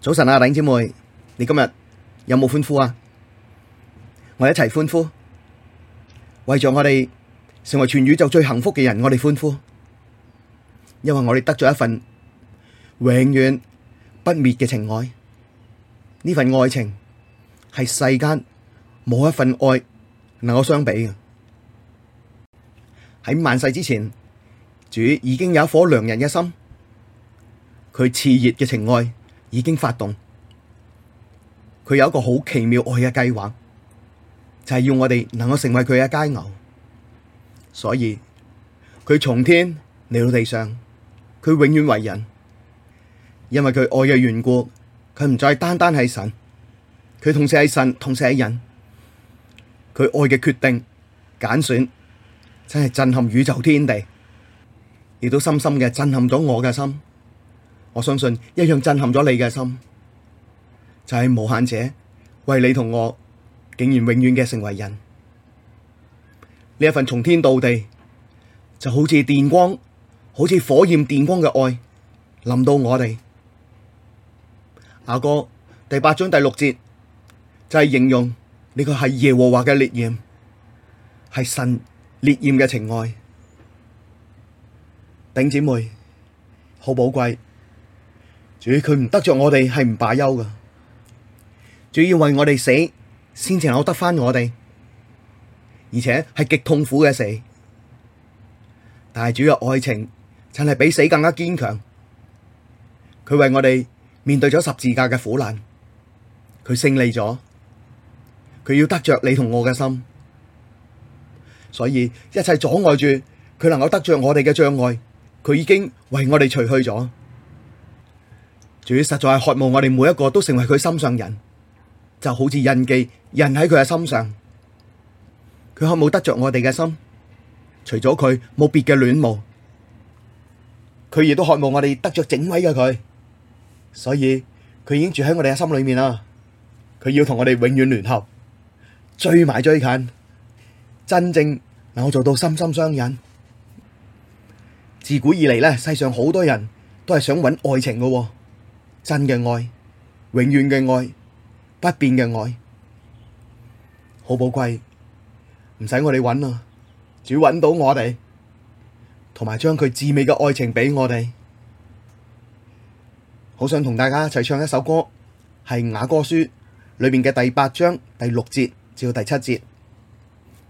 早晨啊，弟兄姐妹，你今日有冇歡呼啊？我一齊歡呼，為着我哋成為全宇宙最幸福嘅人，我哋歡呼，因為我哋得咗一份永遠不滅嘅情愛。呢份愛情係世間冇一份愛能夠相比嘅。喺萬世之前，主已經有一顆良人嘅心，佢熾熱嘅情愛。已經發動，佢有一個好奇妙愛嘅計劃，就係、是、要我哋能夠成為佢嘅佳偶。所以佢從天嚟到地上，佢永遠為人，因為佢愛嘅緣故，佢唔再單單係神，佢同時係神，同時係人。佢愛嘅決定揀選，真係震撼宇宙天地，亦都深深嘅震撼咗我嘅心。我相信一樣震撼咗你嘅心，就係、是、無限者為你同我，竟然永遠嘅成為人。呢一份從天到地，就好似電光，好似火焰電光嘅愛，臨到我哋。雅歌第八章第六節就係、是、形容呢個係耶和華嘅烈焰，係神烈焰嘅情愛。頂姐妹好寶貴。主佢唔得着我哋，係唔罷休㗎！主要為我哋死，先至有得翻我哋，而且係極痛苦嘅死。但係主要愛情真係比死更加堅強，佢為我哋面對咗十字架嘅苦難，佢勝利咗，佢要得着你同我嘅心，所以一切阻礙住佢能夠得着我哋嘅障礙，佢已經為我哋除去咗。主要，實在係渴望我哋每一個都成為佢心上人，就好似印記印喺佢嘅心上。佢渴望得着我哋嘅心，除咗佢冇別嘅戀慕，佢亦都渴望我哋得着整位嘅佢。所以佢已經住喺我哋嘅心裏面啦。佢要同我哋永遠聯合，追埋追近，真正能夠做到心心相印。自古以嚟呢世上好多人都係想揾愛情噶。真嘅愛，永遠嘅愛，不變嘅愛，好寶貴，唔使我哋揾啊，只要揾到我哋，同埋將佢至美嘅愛情畀我哋，好想同大家一齊唱一首歌，係《雅歌書》裏面嘅第八章第六節至到第七節，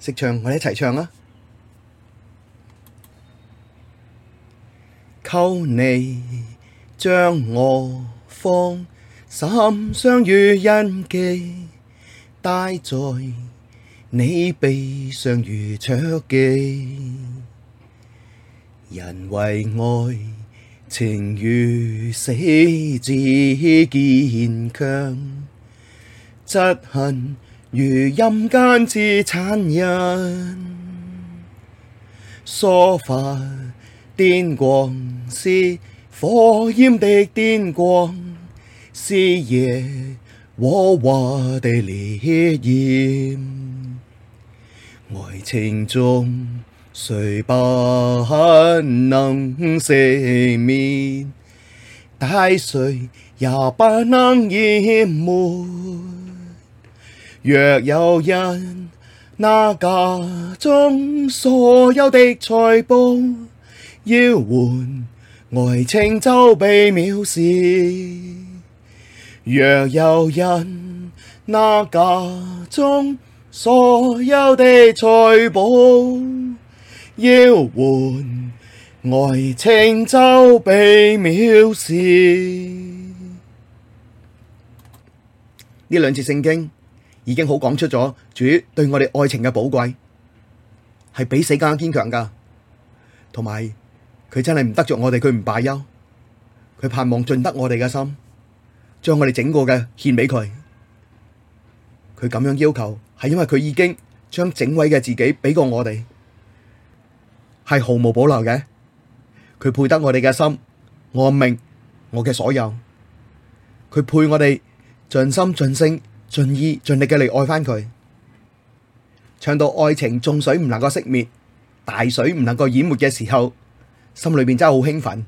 識唱我哋一齊唱啊！求你將我。放心上如印記，帶在你臂上如戳記。因為愛情如死之堅強，嫉恨如陰間之殘忍。所發電光是火焰的電光。是耶和華的烈焰，愛情，眾水不能息滅，大水也不能淹沒。若有人拿家中所有的財寶，要換愛情就被藐視。若有人拿家中所有的財寶，要換愛情就被藐視。呢兩節聖經已經好講出咗主對我哋愛情嘅寶貴，係比死更堅強噶。同埋佢真係唔得着我哋，佢唔罷休，佢盼望盡得我哋嘅心。將我哋整個嘅獻俾佢，佢咁樣要求係因為佢已經將整個嘅自己俾過我哋，係毫無保留嘅。佢配得我哋嘅心、我命、我嘅所有。佢配我哋盡心、盡性、盡意、盡力嘅嚟愛返佢。唱到愛情眾水唔能夠熄滅，大水唔能夠淹沒嘅時候，心裏面真係好興奮。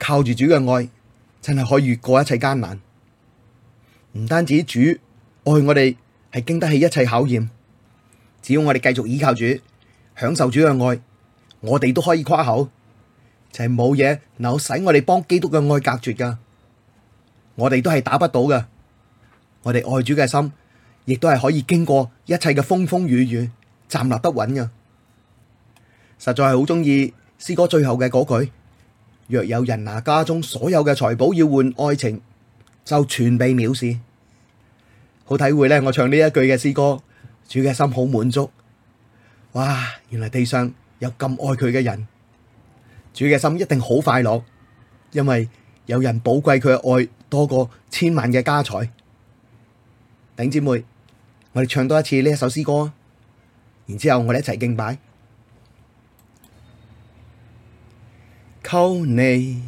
靠住主嘅愛。真係可以越過一切艱難，唔單止主愛我哋係經得起一切考驗，只要我哋繼續依靠主，享受主嘅愛，我哋都可以誇口，就係冇嘢能夠使我哋幫基督嘅愛隔絕噶，我哋都係打不倒噶，我哋愛主嘅心，亦都係可以經過一切嘅風風雨雨，站立得穩噶，實在係好中意詩歌最後嘅嗰句。若有人拿家中所有嘅財寶要換愛情，就全被藐視。好體會呢，我唱呢一句嘅詩歌，主嘅心好滿足。哇！原來地上有咁愛佢嘅人，主嘅心一定好快樂，因為有人寶貴佢嘅愛，多過千萬嘅家財。頂姐妹，我哋唱多一次呢一首詩歌，然之後我哋一齊敬拜。求你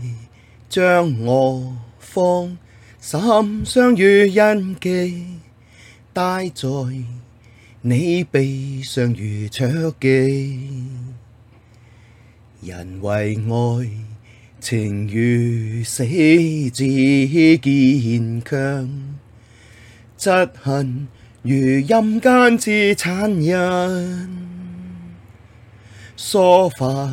將我放心上如印記，帶在你臂上如戳記，因為愛情如死之堅強，嫉恨如陰間之殘忍，所發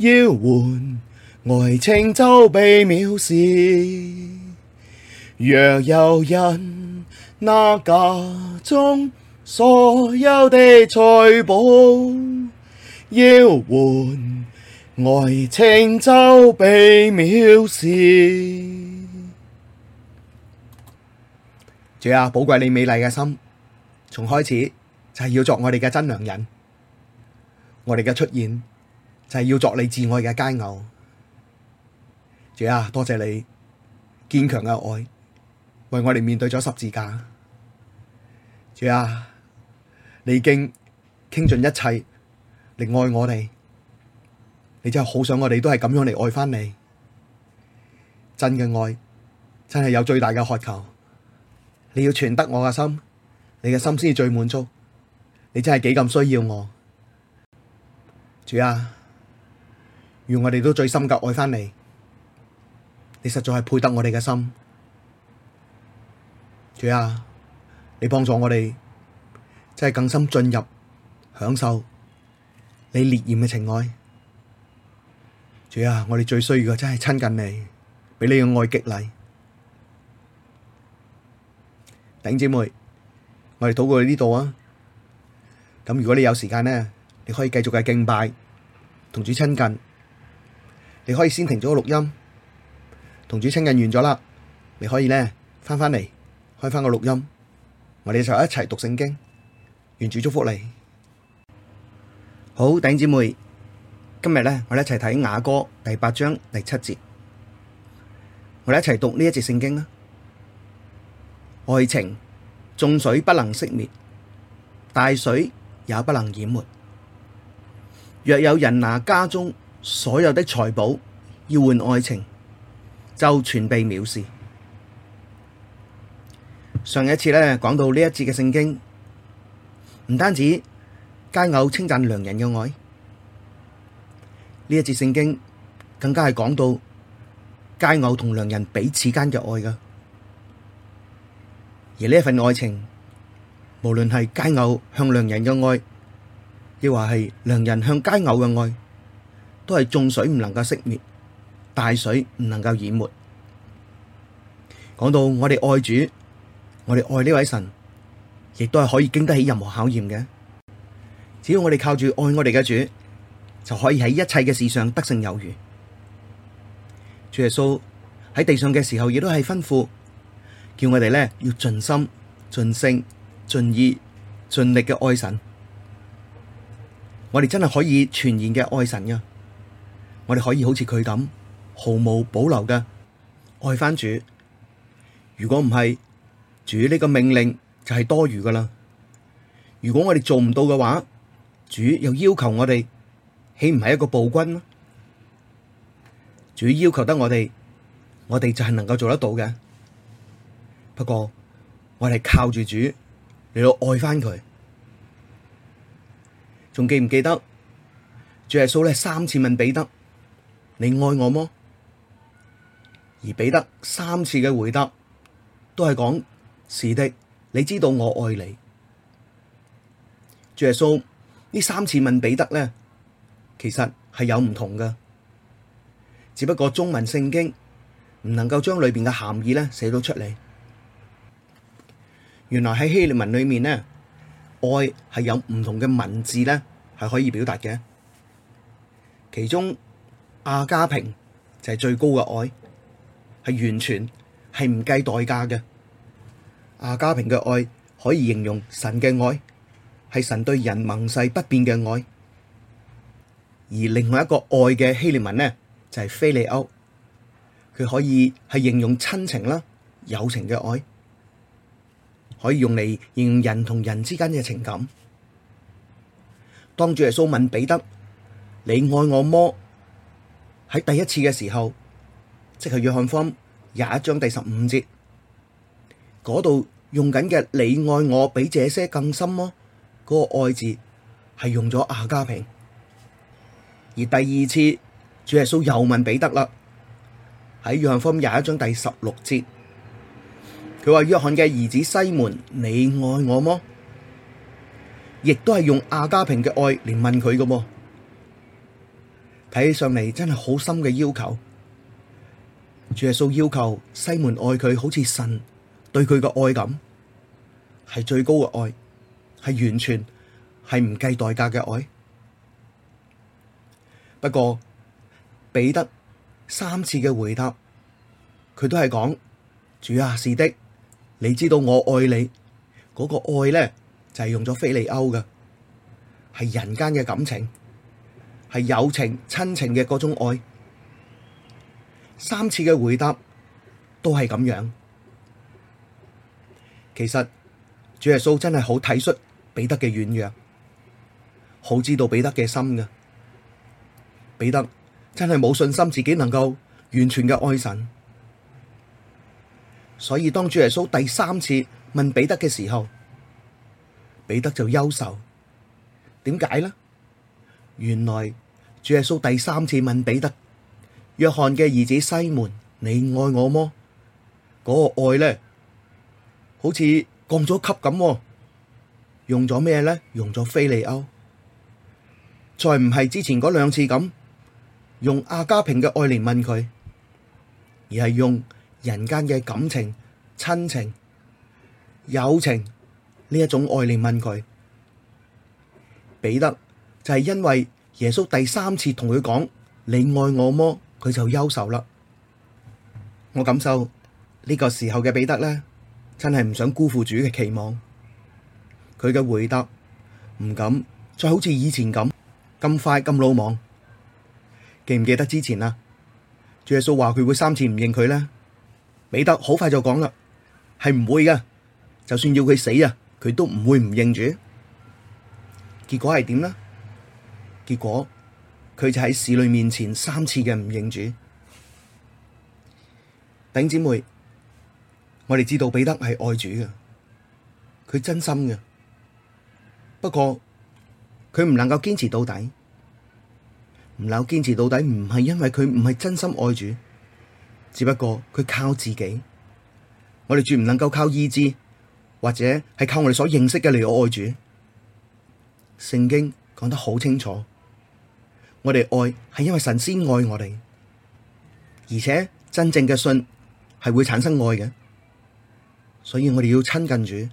要換愛青州被藐視，若有人那家中所有的財寶，要換愛青州被藐視。主啊，寶貴你美麗嘅心，從開始就係要作我哋嘅真良人，我哋嘅出現。就係要作你摯愛嘅佳偶，主啊，多謝你堅強嘅愛，為我哋面對咗十字架，主啊，你已經傾盡一切嚟愛我哋，你真係好想我哋都係咁樣嚟愛翻你，真嘅愛，真係有最大嘅渴求，你要全得我嘅心，你嘅心先至最滿足，你真係幾咁需要我，主啊！用我哋都最深嘅愛返嚟，你實在係配得我哋嘅心，主啊，你幫助我哋，真係更深進入享受你烈焰嘅情愛，主啊，我哋最需要嘅真係親近你，俾你嘅愛激勵。弟兄姊妹，我哋禱告到呢度啊，咁如果你有時間呢，你可以繼續嘅敬拜，同主親近。你可以先停咗個錄音，同主親近完咗啦。你可以咧翻翻嚟開翻個錄音，我哋就一齊讀聖經。願主祝福你。好，弟兄姊妹，今日咧我哋一齊睇雅歌第八章第七節，我哋一齊讀呢一節聖經啦。愛情，眾水不能熄滅，大水也不能淹沒。若有人拿家中所有的財寶要換愛情，就全被藐視。上一次呢講到呢一節嘅聖經，唔單止佳偶稱讚良人嘅愛，呢一節聖經更加係講到佳偶同良人彼此間嘅愛㗎。而呢一份愛情，無論係佳偶向良人嘅愛，亦或係良人向佳偶嘅愛。都係眾水唔能夠熄滅，大水唔能夠淹沒。講到我哋愛主，我哋愛呢位神，亦都係可以經得起任何考驗嘅。只要我哋靠住愛我哋嘅主，就可以喺一切嘅事上得勝有餘。主耶穌喺地上嘅時候，亦都係吩咐叫我哋咧要盡心、盡性、盡意、盡力嘅愛神。我哋真係可以全然嘅愛神噶。我哋可以好似佢咁毫無保留嘅愛翻主。如果唔係，主呢個命令就係多餘噶啦。如果我哋做唔到嘅話，主又要求我哋，豈唔係一個暴君？主要求得我哋，我哋就係能夠做得到嘅。不過我哋靠住主你要愛翻佢。仲記唔記得主係數咧三次問彼得？你愛我麼？而彼得三次嘅回答，都係講是的，你知道我愛你。耶穌呢三次問彼得呢，其實係有唔同嘅，只不過中文聖經唔能夠將裏邊嘅含義呢寫到出嚟。原來喺希臘文裏面呢，愛係有唔同嘅文字呢係可以表達嘅，其中。阿加平就係最高嘅愛，係完全係唔計代價嘅。阿加平嘅愛可以形容神嘅愛，係神對人盟誓不變嘅愛。而另外一個愛嘅希臘文呢，就係菲利歐，佢可以係形容親情啦、友情嘅愛，可以用嚟形容人同人之間嘅情感。當主耶穌問彼得，你愛我麼？喺第一次嘅時候，即係約翰福音廿一章第十五節，嗰度用緊嘅你愛我比這些更深麼？嗰、嗰個愛字係用咗亞加平。而第二次主耶穌又問彼得啦，喺約翰福音廿一章第十六節，佢話約翰嘅兒子西門，你愛我麼？亦都係用亞加平嘅愛嚟問佢嘅噃。睇起上嚟真係好深嘅要求，主耶穌要求西門愛佢好似神對佢個愛咁，係最高嘅愛，係完全係唔計代價嘅愛。不過彼得三次嘅回答，佢都係講：主啊，是的，你知道我愛你嗰、那個愛咧，就係、是、用咗菲利歐㗎，係人間嘅感情。係友情、親情嘅嗰種愛，三次嘅回答都係咁樣。其實主耶穌真係好體恤彼得嘅軟弱，好知道彼得嘅心㗎。彼得真係冇信心自己能夠完全嘅愛神，所以當主耶穌第三次問彼得嘅時候，彼得就憂愁。點解呢？原來主耶穌第三次問彼得：約翰嘅兒子西門，你愛我麼？嗰、那個愛咧，好似降咗級咁，用咗咩咧？用咗菲利歐，再唔係之前嗰兩次咁，用阿加平嘅愛嚟問佢，而係用人間嘅感情、親情、友情呢一種愛嚟問佢，彼得。就係因為耶穌第三次同佢講，你愛我麼？佢就憂愁啦。我感受呢個時候嘅彼得呢，真係唔想辜負主嘅期望。佢嘅回答唔敢再好似以前咁，咁快咁魯莽。記唔記得之前啊？耶穌話佢會三次唔認佢呢，彼得好快就講啦，係唔會噶。就算要佢死啊，佢都唔會唔認主。結果係點呢？結果佢就喺市裏面前三次嘅唔認主，頂姊妹，我哋知道彼得係愛主嘅，佢真心嘅。不過佢唔能夠堅持到底，唔能夠堅持到底唔係因為佢唔係真心愛主，只不過佢靠自己，我哋絕唔能夠靠意志或者係靠我哋所認識嘅嚟愛主。聖經講得好清楚。我哋愛係因為神先愛我哋，而且真正嘅信係會產生愛嘅，所以我哋要親近主，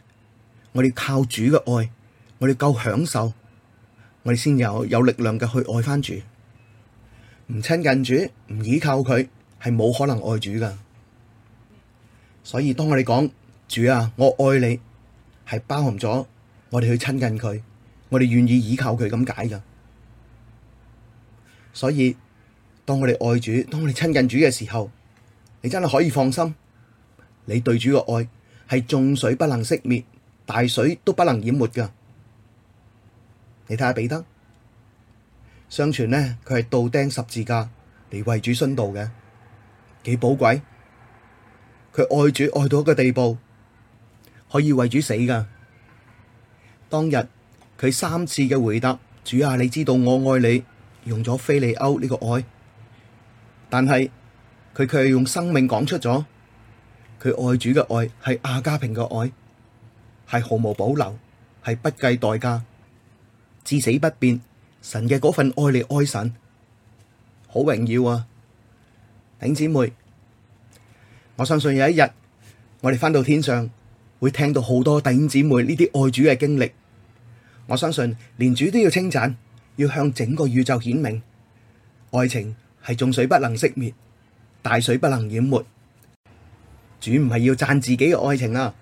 我哋要靠主嘅愛，我哋要夠享受，我哋先有有力量嘅去愛翻主。唔親近主，唔依靠佢，係冇可能愛主噶。所以當我哋講主啊，我愛你，係包含咗我哋去親近佢，我哋願意依靠佢咁解噶。所以，當我哋愛主，當你親近主嘅時候，你真係可以放心，你對主嘅愛係眾水不能熄滅，大水都不能淹沒噶。你睇下彼得，相傳呢，佢係倒釘十字架嚟為主殉道嘅，幾寶貴？佢愛主愛到一個地步，可以為主死噶。當日佢三次嘅回答：主啊，你知道我愛你。用咗菲利歐呢個愛，但係佢卻係用生命講出咗佢愛主嘅愛，愛，係亞嘉平嘅愛，係毫無保留，係不計代價，至死不變。神嘅嗰份愛嚟愛神，好榮耀啊！弟兄姊妹，我相信有一日我哋翻到天上，會聽到好多弟兄姊妹呢啲愛主嘅經歷。我相信連主都要稱讚。要向整個宇宙顯明，愛情係眾水不能熄滅，大水不能淹沒。主唔係要讚自己嘅愛情啊，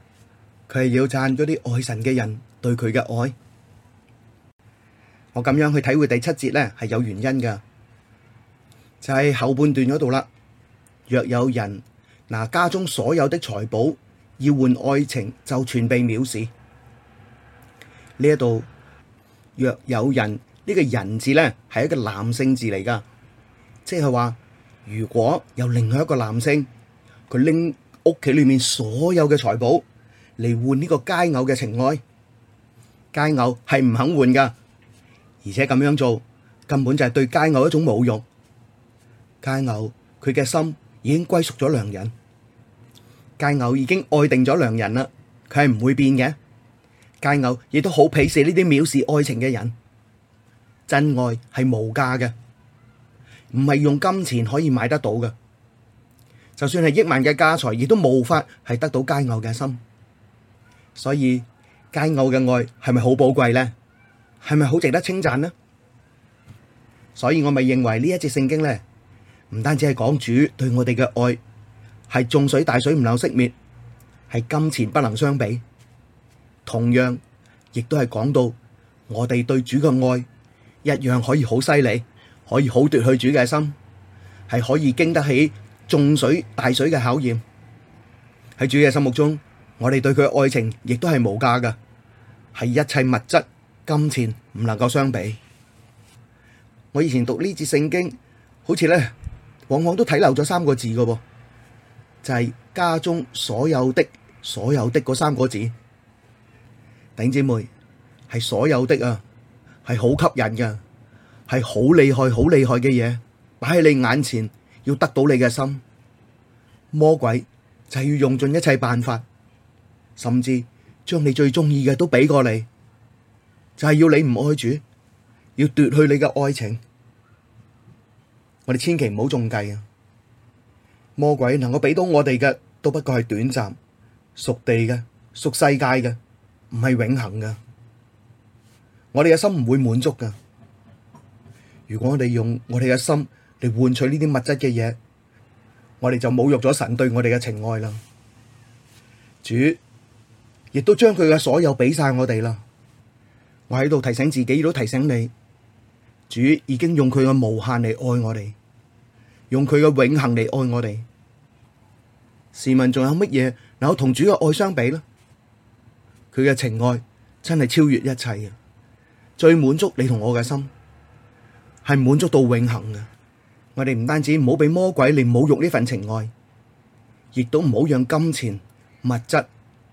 佢係要讚嗰啲愛神嘅人對佢嘅愛。我咁樣去體會第七節呢係有原因噶，就係、是、後半段嗰度啦。若有人拿家中所有的財寶要換愛情，就全被藐視。呢一度若有人呢個人字呢，係一個男性字嚟噶，即係話，如果有另外一個男性，佢拎屋企裏面所有嘅財寶嚟換呢個佳偶嘅情愛，佳偶係唔肯換噶，而且咁樣做根本就係對佳偶一種侮辱。佳偶佢嘅心已經歸屬咗良人，佳偶已經愛定咗良人啦，佢係唔會變嘅。佳偶亦都好鄙視呢啲藐視愛情嘅人。真愛係無價嘅，唔係用金錢可以買得到嘅。就算係億萬嘅家財，亦都無法係得到佳偶嘅心。所以佳偶嘅愛係咪好寶貴呢？係咪好值得稱讚呢？所以我咪認為呢一節聖經呢，唔單止係講主對我哋嘅愛係眾水大水唔能熄滅，係金錢不能相比。同樣亦都係講到我哋對主嘅愛。一樣可以好犀利，可以好奪去主嘅心，係可以經得起眾水大水嘅考驗。喺主嘅心目中，我哋對佢嘅愛情亦都係無價噶，係一切物質金錢唔能夠相比。我以前讀呢節聖經，好似咧，往往都睇漏咗三個字噶噃，就係家中所有的所有的嗰三個字，頂姐妹係所有的啊。係好吸引㗎，係好厲害、好厲害嘅嘢擺喺你眼前，要得到你嘅心。魔鬼就係要用盡一切辦法，甚至將你最鍾意嘅都俾過你，就係、是、要你唔愛主，要奪去你嘅愛情。我哋千祈唔好中計啊！魔鬼能夠俾到我哋嘅，都不過係短暫、屬地嘅、屬世界嘅，唔係永恒嘅。我哋嘅心唔會滿足噶。如果我哋用我哋嘅心嚟換取呢啲物質嘅嘢，我哋就侮辱咗神對我哋嘅情愛啦。主亦都將佢嘅所有俾晒我哋啦。我喺度提醒自己，亦都提醒你，主已經用佢嘅無限嚟愛我哋，用佢嘅永恒嚟愛我哋。試問仲有乜嘢能夠同主嘅愛相比呢？佢嘅情愛真係超越一切嘅。最滿足你同我嘅心，係滿足到永恒嘅。我哋唔單止唔好俾魔鬼嚟侮辱呢份情愛，亦都唔好讓金錢物質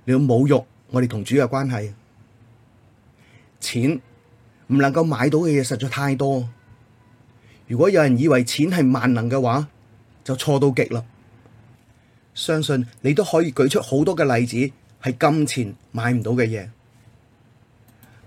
你要侮辱我哋同主嘅關係。錢唔能夠買到嘅嘢實在太多。如果有人以為錢係萬能嘅話，就錯到極啦。相信你都可以舉出好多嘅例子，係金錢買唔到嘅嘢。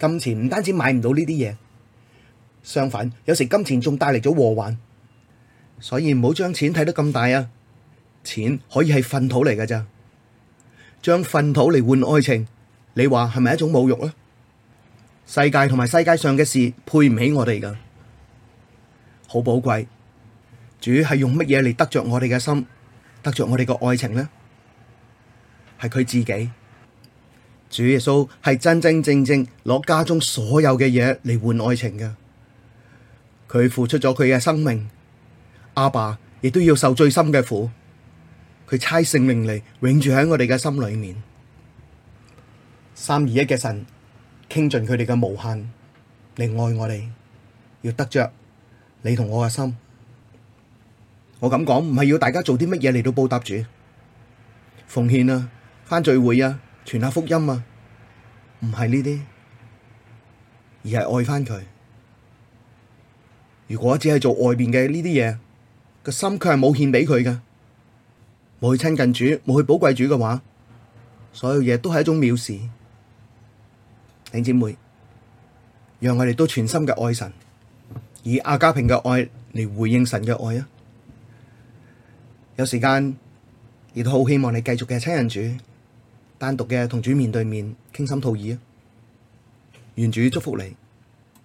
金錢唔單止買唔到呢啲嘢，相反，有時金錢仲帶嚟咗禍患，所以唔好將錢睇得咁大啊！錢可以係糞土嚟噶咋，將糞土嚟換愛情，你話係咪一種侮辱啊？世界同埋世界上嘅事配唔起我哋噶，好寶貴。主要係用乜嘢嚟得着我哋嘅心，得着我哋個愛情呢？係佢自己。主耶穌係真真正正攞家中所有嘅嘢嚟換愛情嘅，佢付出咗佢嘅生命，阿爸亦都要受最深嘅苦，佢差性命嚟永住喺我哋嘅心裏面。三二一嘅神傾盡佢哋嘅無限嚟愛我哋，要得着你同我嘅心。我咁講唔係要大家做啲乜嘢嚟到報答主，奉獻啊，返聚會啊。傳下福音啊！唔係呢啲，而係愛翻佢。如果只係做外邊嘅呢啲嘢，個心卻係冇獻俾佢嘅，冇去親近主，冇去寶貴主嘅話，所有嘢都係一種藐視。弟兄姊妹，讓我哋都全心嘅愛神，以阿家平嘅愛嚟回應神嘅愛啊！有時間，亦都好希望你繼續嘅親人主。單獨嘅同主面對面傾心吐意啊！願主祝福你。